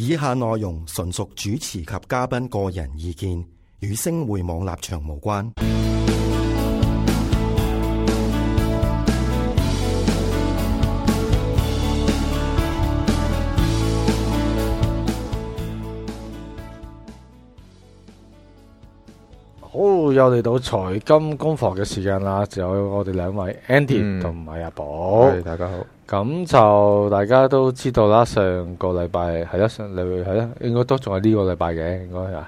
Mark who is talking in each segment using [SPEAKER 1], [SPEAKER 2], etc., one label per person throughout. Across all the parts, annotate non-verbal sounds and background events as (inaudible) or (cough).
[SPEAKER 1] 以下內容純屬主持及嘉賓個人意見，與星匯網立場無關。
[SPEAKER 2] 好、oh, 又嚟到財金工房嘅時間啦，就有我哋兩位 Andy 同埋，嗯、阿寶。大家好，咁就大家都知道啦，上個禮拜係啦，上嚟係啦，應該都仲係呢個禮拜嘅，應該係。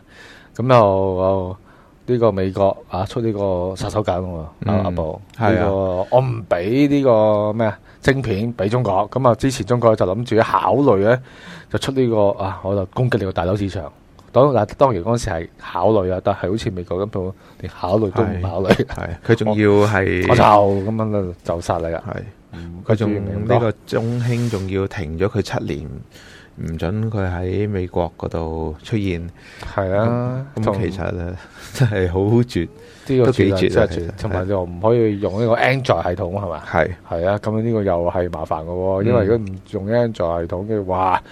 [SPEAKER 2] 咁又呢、這個美國啊出呢個殺手鐧喎、嗯啊，阿阿寶。呢、這個、的我唔俾呢個咩啊晶片俾中國，咁啊之前中國就諗住考慮咧，就出呢、這個啊我就攻擊你個大豆市場。嗱，當然嗰陣時係考慮啊，但係好似美國咁度，連考慮都唔考慮。係佢仲要係我就
[SPEAKER 1] 咁樣就殺你啊！係佢仲呢個中興，仲要停咗佢七年。.唔准佢喺美國嗰度出現係啊，咁其實咧真係好絕，呢個幾絕啊，同埋就唔可以用呢個 Android
[SPEAKER 2] 系統係嘛？係係啊，咁呢個又係麻煩嘅喎，因為如果唔用 Android 系統嘅話，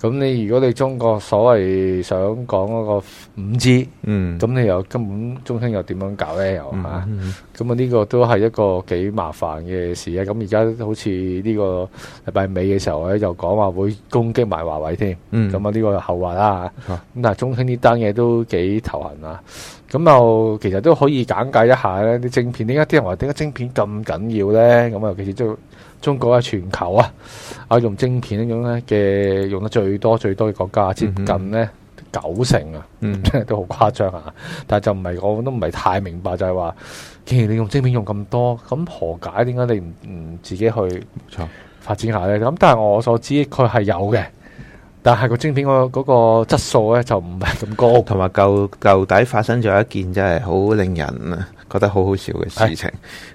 [SPEAKER 2] 咁你如果你中國所謂想講嗰個五 G，嗯，咁你又根本中興又點樣搞咧？又嚇，咁啊呢個都係一個幾麻煩嘅事啊！咁而家好似呢個禮拜尾嘅時候咧，又講話會攻擊埋話，添，咁啊呢個後話啦吓。咁、啊、中興呢單嘢都幾頭痕啊。咁又其實都可以簡介一下咧，啲晶片。點解啲人話點解晶片咁緊要咧？咁啊、嗯，尤其實中中國啊，全球啊，啊用晶片種呢樣咧嘅用得最多最多嘅國家接近咧、嗯、九成啊，真、嗯、 (laughs) 都好誇張啊。但係就唔係，我都唔係太明白，就係、是、話，既然你用晶片用咁多，咁何解？點解你唔唔自己去發展下咧？咁錯但係我所知，佢係有嘅。
[SPEAKER 1] 但係個晶片嗰嗰個質素咧就唔係咁高。同埋舊舊底發生咗一件真係好令人覺得好好笑嘅事情。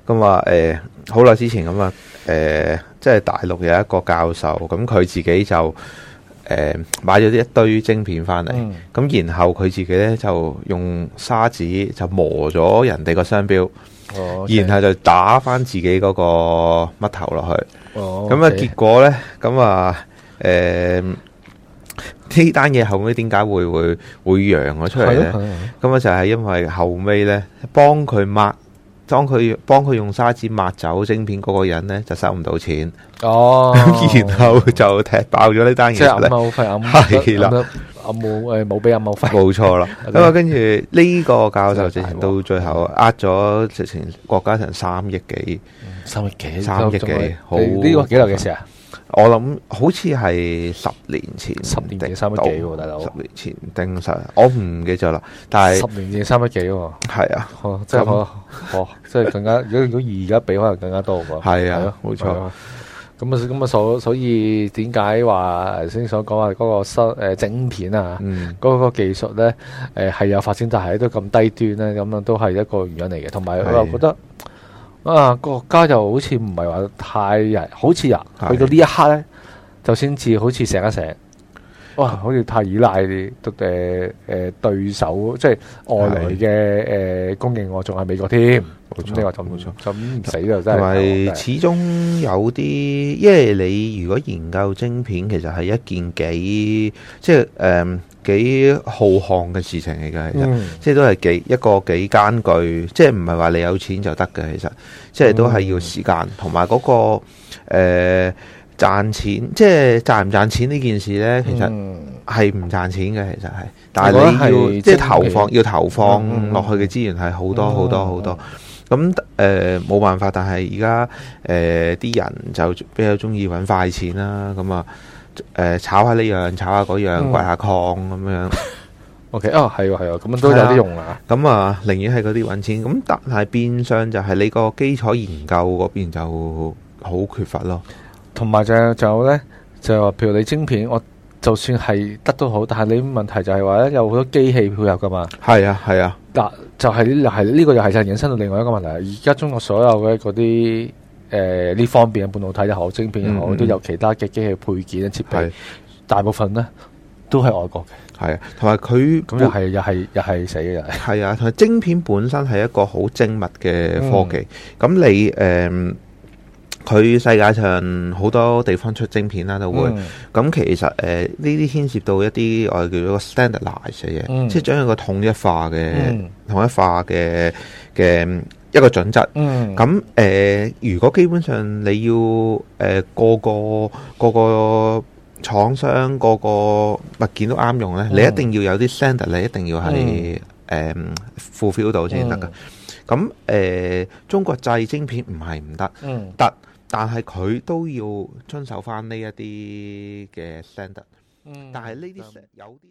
[SPEAKER 1] 咁話誒，好耐之前咁啊，誒、呃，即、就、係、是、大陸有一個教授，咁佢自己就誒、呃、買咗啲一堆晶片翻嚟，咁、嗯、然後佢自己咧就用砂紙就磨咗人哋個商標，哦、然後就打翻自己嗰個乜頭落去。咁啊結果咧，咁啊誒。嗯呃呢單嘢後尾點解會會會揚咗出嚟咧？咁啊就係因為後尾咧，幫佢抹，幫佢幫佢用砂紙抹走晶片嗰個人咧，就收唔到錢。哦，然後就踢爆咗呢單嘢咧。阿茂費阿茂啦，阿茂誒冇俾阿茂費。冇錯啦。咁啊，跟住呢個教授直情到最後呃咗直情國家成三億幾，三億幾，三億幾，好呢個幾耐嘅事啊？我諗好似係十年前，十年前三百幾，大佬十年前定實，我唔記得啦。但係十
[SPEAKER 2] 年前三百幾，係啊，即係可，即係更加。如果如果而家比，可能更加多噶。係啊，冇錯。咁啊，咁啊，所所以點解話頭先所講話嗰個新誒整片啊，嗰個技術咧，誒係有發展，但係都咁低端咧，咁樣都係一個原因嚟嘅。同埋佢又覺得。啊！國家就好似唔係話太人，好似人、啊、去到呢一刻咧，是的 就先至好似醒一醒。哇！好似太依賴誒誒對手，即係
[SPEAKER 1] 外來嘅誒供應，我仲係美國添。呢個就冇錯，咁死咗真係。同埋始終有啲，因為你如果研究晶片，其實係一件幾即係誒幾浩瀚嘅事情嚟嘅，其實即係都係幾一個幾艱巨，即係唔係話你有錢就得嘅，其實即係都係要時間同埋嗰個誒。賺錢即係賺唔賺錢呢件事呢？其實係唔賺錢嘅。嗯、其實係，但係你要即係投放要投放落、嗯、去嘅資源係好多好、嗯、多好、嗯、多咁誒，冇、呃、辦法。但係而家誒啲人就比較中意搵快錢啦，咁啊誒炒下呢、這個、樣，炒、嗯、下嗰樣，掘下礦咁樣。O K 哦，係啊係啊，咁都有啲用啦咁啊，寧願係嗰啲搵錢咁，但係變相就係你個基礎研究嗰邊就好缺乏咯。同埋就仲有咧，就話譬如你晶片，
[SPEAKER 2] 我就算係得都好，但係你的問題就係話咧，有好多機器配合噶嘛。係啊，係啊。嗱、就係，呢個、就係，係呢個又係就係引申到另外一個問題。而家中國所有嘅嗰啲誒呢方面嘅半導體又好，好，晶片又好，都有其他嘅機器配件設備，
[SPEAKER 1] 啊、大部分呢都係外國嘅。係啊，同埋佢咁又係，又係，又係死嘅，又係。係啊，同埋晶片本身係一個好精密嘅科技。咁、嗯、你誒？嗯佢世界上好多地方出晶片啦，都會咁。其實誒，呢啲牽涉到一啲我哋叫做 standardize 嘅嘢，即係將一個統一化嘅、嗯、統一化嘅嘅一個準則。咁誒、嗯呃，如果基本上你要誒、呃、個各個個個廠商個個物件都啱用咧，嗯、你一定要有啲 standard，你一定要係誒、嗯嗯、fulfill 到先得噶。咁誒、呃、中國製晶片唔係唔得，嗯，得，但係佢都要遵守翻呢一啲嘅 standard 嗯，但係呢啲有啲。